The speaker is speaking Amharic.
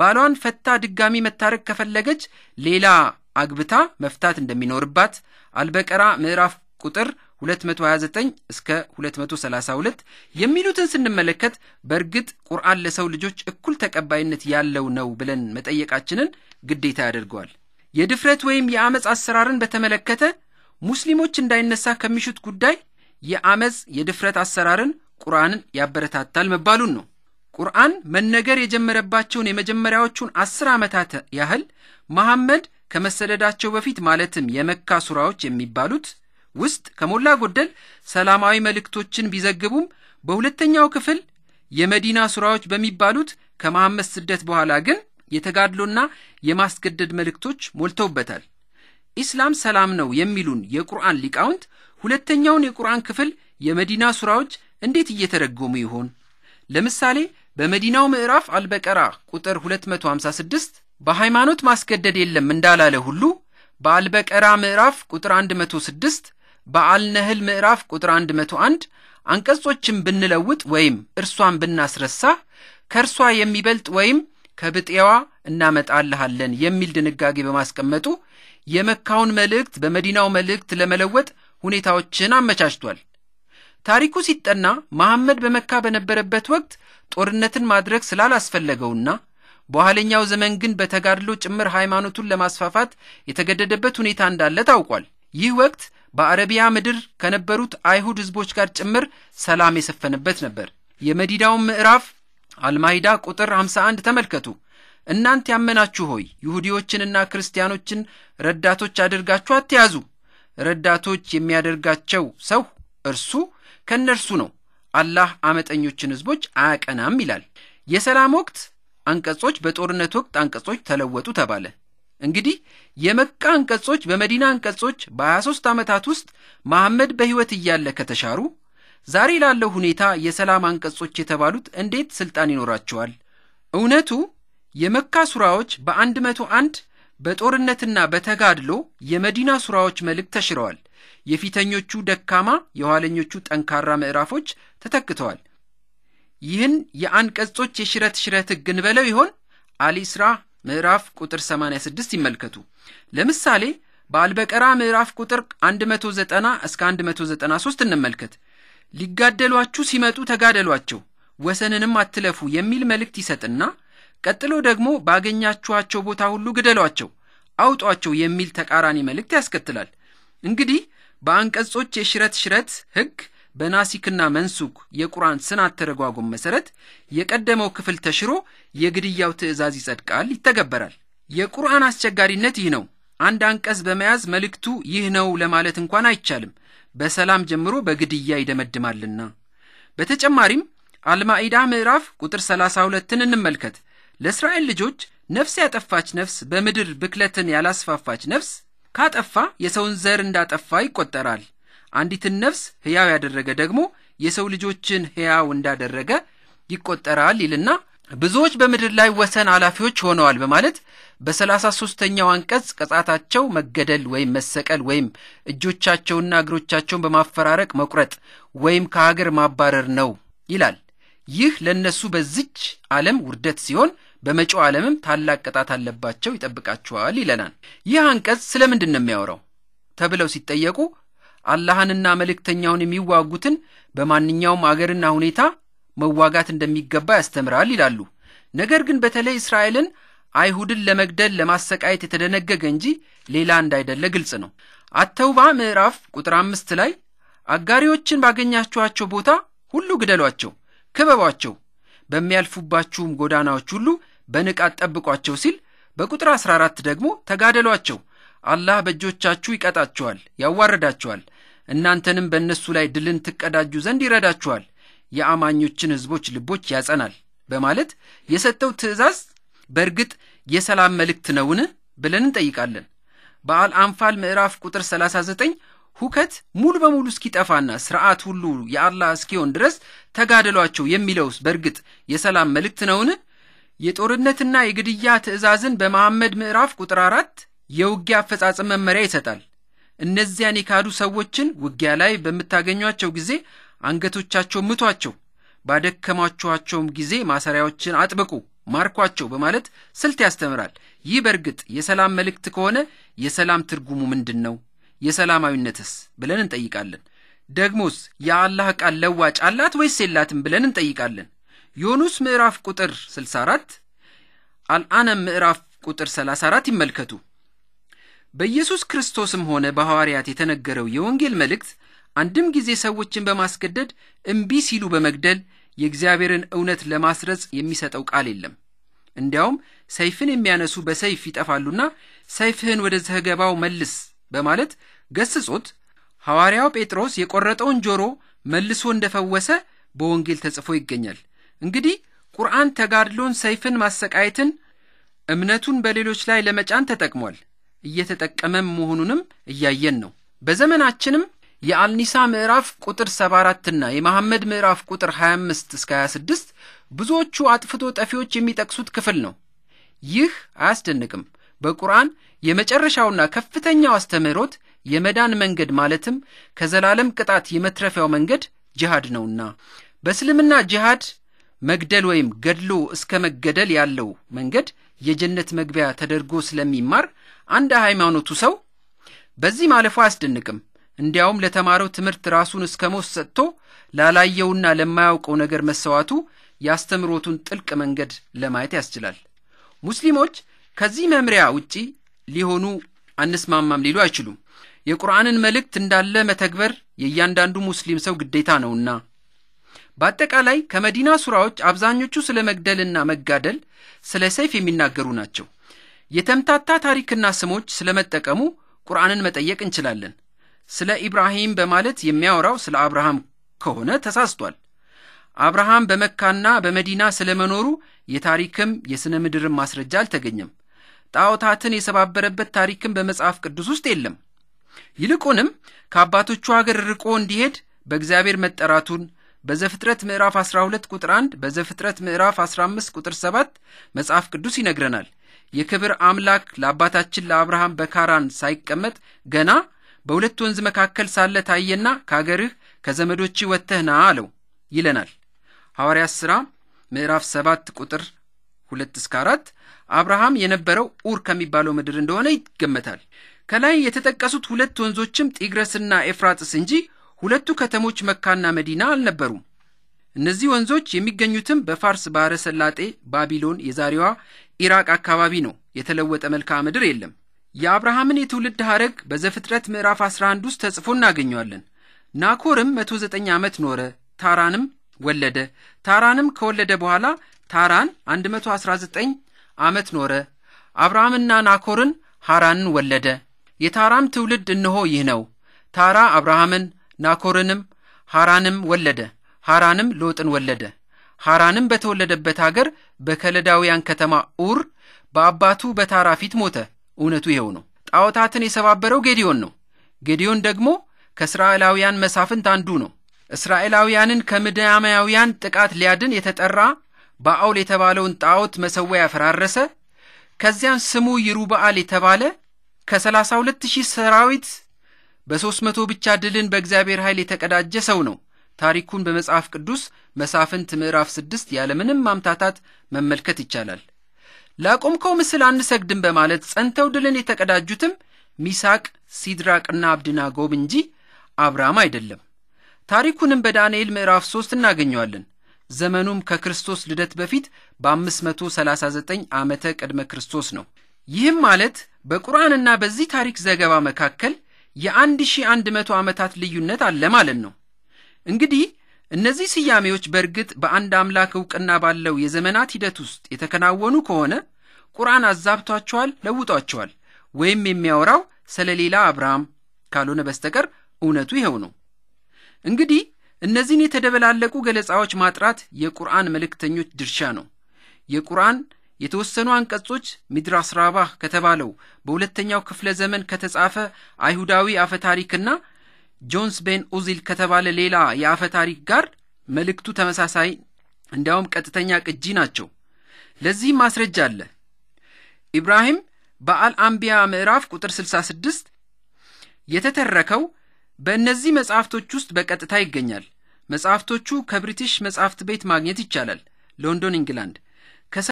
ባሏን ፈታ ድጋሚ መታረቅ ከፈለገች ሌላ አግብታ መፍታት እንደሚኖርባት አልበቀራ ምዕራፍ ቁጥር 229 እስከ 232 የሚሉትን ስንመለከት በእርግጥ ቁርአን ለሰው ልጆች እኩል ተቀባይነት ያለው ነው ብለን መጠየቃችንን ግዴታ ያደርገዋል። የድፍረት ወይም የአመፅ አሰራርን በተመለከተ ሙስሊሞች እንዳይነሳ ከሚሹት ጉዳይ የአመፅ የድፍረት አሰራርን ቁርአንን ያበረታታል መባሉን ነው። ቁርአን መነገር የጀመረባቸውን የመጀመሪያዎቹን አስር ዓመታት ያህል መሐመድ ከመሰደዳቸው በፊት ማለትም የመካ ሱራዎች የሚባሉት ውስጥ ከሞላ ጎደል ሰላማዊ መልእክቶችን ቢዘግቡም በሁለተኛው ክፍል የመዲና ሱራዎች በሚባሉት ከመሐመድ ስደት በኋላ ግን የተጋድሎና የማስገደድ መልእክቶች ሞልተውበታል። ኢስላም ሰላም ነው የሚሉን የቁርአን ሊቃውንት ሁለተኛውን የቁርአን ክፍል የመዲና ሱራዎች እንዴት እየተረጎሙ ይሆን? ለምሳሌ በመዲናው ምዕራፍ አልበቀራ ቁጥር 256 በሃይማኖት ማስገደድ የለም እንዳላለ ሁሉ በአልበቀራ ምዕራፍ ቁጥር 106 በአልነህል ምዕራፍ ቁጥር 101 አንቀጾችን ብንለውጥ ወይም እርሷን ብናስረሳ ከእርሷ የሚበልጥ ወይም ከብጤዋ እናመጣልሃለን የሚል ድንጋጌ በማስቀመጡ የመካውን መልእክት በመዲናው መልእክት ለመለወጥ ሁኔታዎችን አመቻችቷል። ታሪኩ ሲጠና መሐመድ በመካ በነበረበት ወቅት ጦርነትን ማድረግ ስላላስፈለገውና በኋለኛው ዘመን ግን በተጋድሎ ጭምር ሃይማኖቱን ለማስፋፋት የተገደደበት ሁኔታ እንዳለ ታውቋል። ይህ ወቅት በአረቢያ ምድር ከነበሩት አይሁድ ሕዝቦች ጋር ጭምር ሰላም የሰፈነበት ነበር። የመዲዳውን ምዕራፍ አልማይዳ ቁጥር 51 ተመልከቱ። እናንተ ያመናችሁ ሆይ ይሁዲዎችንና ክርስቲያኖችን ረዳቶች አድርጋችሁ አትያዙ። ረዳቶች የሚያደርጋቸው ሰው እርሱ ከእነርሱ ነው አላህ አመጠኞችን ህዝቦች አያቀናም ይላል የሰላም ወቅት አንቀጾች በጦርነት ወቅት አንቀጾች ተለወጡ ተባለ እንግዲህ የመካ አንቀጾች በመዲና አንቀጾች በ23 ዓመታት ውስጥ መሐመድ በሕይወት እያለ ከተሻሩ ዛሬ ላለው ሁኔታ የሰላም አንቀጾች የተባሉት እንዴት ሥልጣን ይኖራቸዋል እውነቱ የመካ ሱራዎች በ101 በጦርነትና በተጋድሎ የመዲና ሱራዎች መልእክት ተሽረዋል የፊተኞቹ ደካማ የኋለኞቹ ጠንካራ ምዕራፎች ተተክተዋል። ይህን የአንቀጾች የሽረት ሽረት ሕግ በለው ይሆን? አሊስራ ምዕራፍ ቁጥር 86 ይመልከቱ። ለምሳሌ በአልበቀራ ምዕራፍ ቁጥር 190 እስከ 193 እንመልከት። ሊጋደሏችሁ ሲመጡ ተጋደሏቸው፣ ወሰንንም አትለፉ የሚል መልእክት ይሰጥና ቀጥሎ ደግሞ ባገኛችኋቸው ቦታ ሁሉ ግደሏቸው፣ አውጧቸው የሚል ተቃራኒ መልእክት ያስከትላል። እንግዲህ በአንቀጾች የሽረት ሽረት ህግ በናሲክና መንሱክ የቁርአን ስናት ተረጓጉም መሰረት የቀደመው ክፍል ተሽሮ የግድያው ትዕዛዝ ይጸድቃል፣ ይተገበራል። የቁርአን አስቸጋሪነት ይህ ነው። አንድ አንቀጽ በመያዝ መልእክቱ ይህ ነው ለማለት እንኳን አይቻልም፣ በሰላም ጀምሮ በግድያ ይደመድማልና። በተጨማሪም አልማኢዳ ምዕራፍ ቁጥር 32ን እንመልከት። ለእስራኤል ልጆች ነፍስ ያጠፋች ነፍስ በምድር ብክለትን ያላስፋፋች ነፍስ ካጠፋ የሰውን ዘር እንዳጠፋ ይቆጠራል። አንዲትን ነፍስ ሕያው ያደረገ ደግሞ የሰው ልጆችን ሕያው እንዳደረገ ይቆጠራል ይልና ብዙዎች በምድር ላይ ወሰን ኃላፊዎች ሆነዋል በማለት በሰላሳ ሦስተኛው አንቀጽ ቅጣታቸው መገደል ወይም መሰቀል ወይም እጆቻቸውና እግሮቻቸውን በማፈራረቅ መቁረጥ ወይም ከሀገር ማባረር ነው ይላል። ይህ ለእነሱ በዚች ዓለም ውርደት ሲሆን በመጪው ዓለምም ታላቅ ቅጣት አለባቸው ይጠብቃቸዋል ይለናል። ይህ አንቀጽ ስለ ምንድን ነው የሚያወራው ተብለው ሲጠየቁ አላህንና መልእክተኛውን የሚዋጉትን በማንኛውም አገርና ሁኔታ መዋጋት እንደሚገባ ያስተምራል ይላሉ። ነገር ግን በተለይ እስራኤልን አይሁድን ለመግደል ለማሰቃየት የተደነገገ እንጂ ሌላ እንዳይደለ ግልጽ ነው። አተውባ ምዕራፍ ቁጥር አምስት ላይ አጋሪዎችን ባገኛችኋቸው ቦታ ሁሉ ግደሏቸው፣ ክበቧቸው በሚያልፉባችሁም ጎዳናዎች ሁሉ በንቃት ጠብቋቸው ሲል በቁጥር 14 ደግሞ ተጋደሏቸው፣ አላህ በእጆቻችሁ ይቀጣችኋል፣ ያዋርዳችኋል፣ እናንተንም በእነሱ ላይ ድልን ትቀዳጁ ዘንድ ይረዳችኋል፣ የአማኞችን ሕዝቦች ልቦች ያጸናል በማለት የሰጠው ትእዛዝ በእርግጥ የሰላም መልእክት ነውን ብለን እንጠይቃለን። በአል አንፋል ምዕራፍ ቁጥር 39 ሁከት ሙሉ በሙሉ እስኪጠፋና ስርዓት ሁሉ የአላህ እስኪሆን ድረስ ተጋደሏቸው የሚለውስ በእርግጥ የሰላም መልእክት ነውን? የጦርነትና የግድያ ትዕዛዝን በመሐመድ ምዕራፍ ቁጥር አራት የውጊያ አፈጻጸም መመሪያ ይሰጣል። እነዚያን የካዱ ሰዎችን ውጊያ ላይ በምታገኟቸው ጊዜ አንገቶቻቸው ምቷቸው፣ ባደከማችኋቸውም ጊዜ ማሰሪያዎችን አጥብቁ፣ ማርኳቸው በማለት ስልት ያስተምራል። ይህ በእርግጥ የሰላም መልእክት ከሆነ የሰላም ትርጉሙ ምንድን ነው? የሰላማዊነትስ ብለን እንጠይቃለን። ደግሞስ የአላህ ቃል ለዋጭ አላት ወይስ የላትም ብለን እንጠይቃለን። ዮኑስ ምዕራፍ ቁጥር 64 አልአነም ምዕራፍ ቁጥር 34 ይመልከቱ። በኢየሱስ ክርስቶስም ሆነ በሐዋርያት የተነገረው የወንጌል መልእክት አንድም ጊዜ ሰዎችን በማስገደድ እምቢ ሲሉ በመግደል የእግዚአብሔርን እውነት ለማስረጽ የሚሰጠው ቃል የለም። እንዲያውም ሰይፍን የሚያነሱ በሰይፍ ይጠፋሉና ሰይፍህን ወደ ዘገባው መልስ በማለት ገስጾት ሐዋርያው ጴጥሮስ የቆረጠውን ጆሮ መልሶ እንደፈወሰ በወንጌል ተጽፎ ይገኛል። እንግዲህ ቁርአን ተጋድሎን፣ ሰይፍን፣ ማሰቃየትን፣ እምነቱን በሌሎች ላይ ለመጫን ተጠቅሟል። እየተጠቀመም መሆኑንም እያየን ነው። በዘመናችንም የአልኒሳ ምዕራፍ ቁጥር 74ና የመሐመድ ምዕራፍ ቁጥር 25 እስከ 26 ብዙዎቹ አጥፍቶ ጠፊዎች የሚጠቅሱት ክፍል ነው። ይህ አያስደንቅም። በቁርአን የመጨረሻውና ከፍተኛው አስተምህሮት የመዳን መንገድ ማለትም ከዘላለም ቅጣት የመትረፊያው መንገድ ጅሃድ ነውና በእስልምና ጅሃድ መግደል ወይም ገድሎ እስከ መገደል ያለው መንገድ የጀነት መግቢያ ተደርጎ ስለሚማር አንድ ሃይማኖቱ ሰው በዚህ ማለፉ አያስደንቅም። እንዲያውም ለተማረው ትምህርት ራሱን እስከ ሞት ሰጥቶ ላላየውና ለማያውቀው ነገር መሰዋቱ የአስተምሮቱን ጥልቅ መንገድ ለማየት ያስችላል። ሙስሊሞች ከዚህ መምሪያ ውጪ ሊሆኑ አንስማማም ሊሉ አይችሉም። የቁርአንን መልእክት እንዳለ መተግበር የእያንዳንዱ ሙስሊም ሰው ግዴታ ነውና። በአጠቃላይ ከመዲና ሱራዎች አብዛኞቹ ስለ መግደልና መጋደል፣ ስለ ሰይፍ የሚናገሩ ናቸው። የተምታታ ታሪክና ስሞች ስለመጠቀሙ ቁርአንን መጠየቅ እንችላለን። ስለ ኢብራሂም በማለት የሚያወራው ስለ አብርሃም ከሆነ ተሳስቷል። አብርሃም በመካና በመዲና ስለመኖሩ የታሪክም የሥነ ምድርም ማስረጃ አልተገኘም። ጣዖታትን የሰባበረበት ታሪክም በመጽሐፍ ቅዱስ ውስጥ የለም። ይልቁንም ከአባቶቹ አገር ርቆ እንዲሄድ በእግዚአብሔር መጠራቱን በዘፍጥረት ምዕራፍ 12 ቁጥር 1 በዘፍጥረት ምዕራፍ 15 ቁጥር 7 መጽሐፍ ቅዱስ ይነግረናል። የክብር አምላክ ለአባታችን ለአብርሃም በካራን ሳይቀመጥ ገና በሁለት ወንዝ መካከል ሳለ ታየና ከአገርህ ከዘመዶች ወጥተህ አለው ይለናል። ሐዋርያት ሥራ ምዕራፍ 7 ቁጥር ሁለት እስከ አራት አብርሃም የነበረው ኡር ከሚባለው ምድር እንደሆነ ይገመታል። ከላይ የተጠቀሱት ሁለት ወንዞችም ጢግረስና ኤፍራጥስ እንጂ ሁለቱ ከተሞች መካና መዲና አልነበሩም። እነዚህ ወንዞች የሚገኙትም በፋርስ ባሕረ ሰላጤ፣ ባቢሎን፣ የዛሬዋ ኢራቅ አካባቢ ነው። የተለወጠ መልክዓ ምድር የለም። የአብርሃምን የትውልድ ሐረግ በዘፍጥረት ምዕራፍ 11 ውስጥ ተጽፎ እናገኘዋለን። ናኮርም 109 ዓመት ኖረ፣ ታራንም ወለደ። ታራንም ከወለደ በኋላ ታራን 119 ዓመት ኖረ። አብርሃምና ናኮርን ሐራንን ወለደ። የታራም ትውልድ እነሆ ይህ ነው። ታራ አብርሃምን ናኮርንም ሐራንም ወለደ። ሐራንም ሎጥን ወለደ። ሐራንም በተወለደበት አገር በከለዳውያን ከተማ ኡር በአባቱ በታራ ፊት ሞተ። እውነቱ ይኸው ነው። ጣዖታትን የሰባበረው ጌዲዮን ነው። ጌዲዮን ደግሞ ከእስራኤላውያን መሳፍንት አንዱ ነው። እስራኤላውያንን ከምድያማውያን ጥቃት ሊያድን የተጠራ ባኦል የተባለውን ጣዖት መሠዊያ ያፈራረሰ ከዚያም ስሙ ይሩበአል የተባለ ከ ሁለት ሺህ ሰራዊት በሦስት መቶ ብቻ ድልን በእግዚአብሔር ኃይል የተቀዳጀ ሰው ነው። ታሪኩን በመጽሐፍ ቅዱስ መሳፍንት ምዕራፍ ስድስት ያለምንም ማምታታት መመልከት ይቻላል። ላቆምከው ምስል አንሰግድም በማለት ጸንተው ድልን የተቀዳጁትም ሚሳቅ፣ ሲድራቅና አብድናጎብ እንጂ አብርሃም አይደለም። ታሪኩንም በዳንኤል ምዕራፍ 3 እናገኘዋለን። ዘመኑም ከክርስቶስ ልደት በፊት በ539 ዓመተ ቅድመ ክርስቶስ ነው። ይህም ማለት በቁርአንና በዚህ ታሪክ ዘገባ መካከል የ1100 ዓመታት ልዩነት አለ ማለት ነው። እንግዲህ እነዚህ ስያሜዎች በእርግጥ በአንድ አምላክ ዕውቅና ባለው የዘመናት ሂደት ውስጥ የተከናወኑ ከሆነ ቁርአን አዛብቷቸዋል፣ ለውጧቸዋል፣ ወይም የሚያወራው ስለሌላ አብርሃም ካልሆነ በስተቀር እውነቱ ይኸው ነው። እንግዲህ እነዚህን የተደበላለቁ ገለጻዎች ማጥራት የቁርአን መልእክተኞች ድርሻ ነው። የቁርአን የተወሰኑ አንቀጾች ሚድራስ ራባህ ከተባለው በሁለተኛው ክፍለ ዘመን ከተጻፈ አይሁዳዊ አፈታሪክና ጆንስ ቤን ኡዚል ከተባለ ሌላ የአፈታሪክ ጋር መልእክቱ ተመሳሳይ እንዲያውም ቀጥተኛ ቅጂ ናቸው። ለዚህም ማስረጃ አለ። ኢብራሂም በአል ምዕራፍ ቁጥር 66 የተተረከው በእነዚህ መጽሐፍቶች ውስጥ በቀጥታ ይገኛል። መጽሐፍቶቹ ከብሪቲሽ መጽሕፍት ቤት ማግኘት ይቻላል። ሎንዶን፣ ኢንግላንድ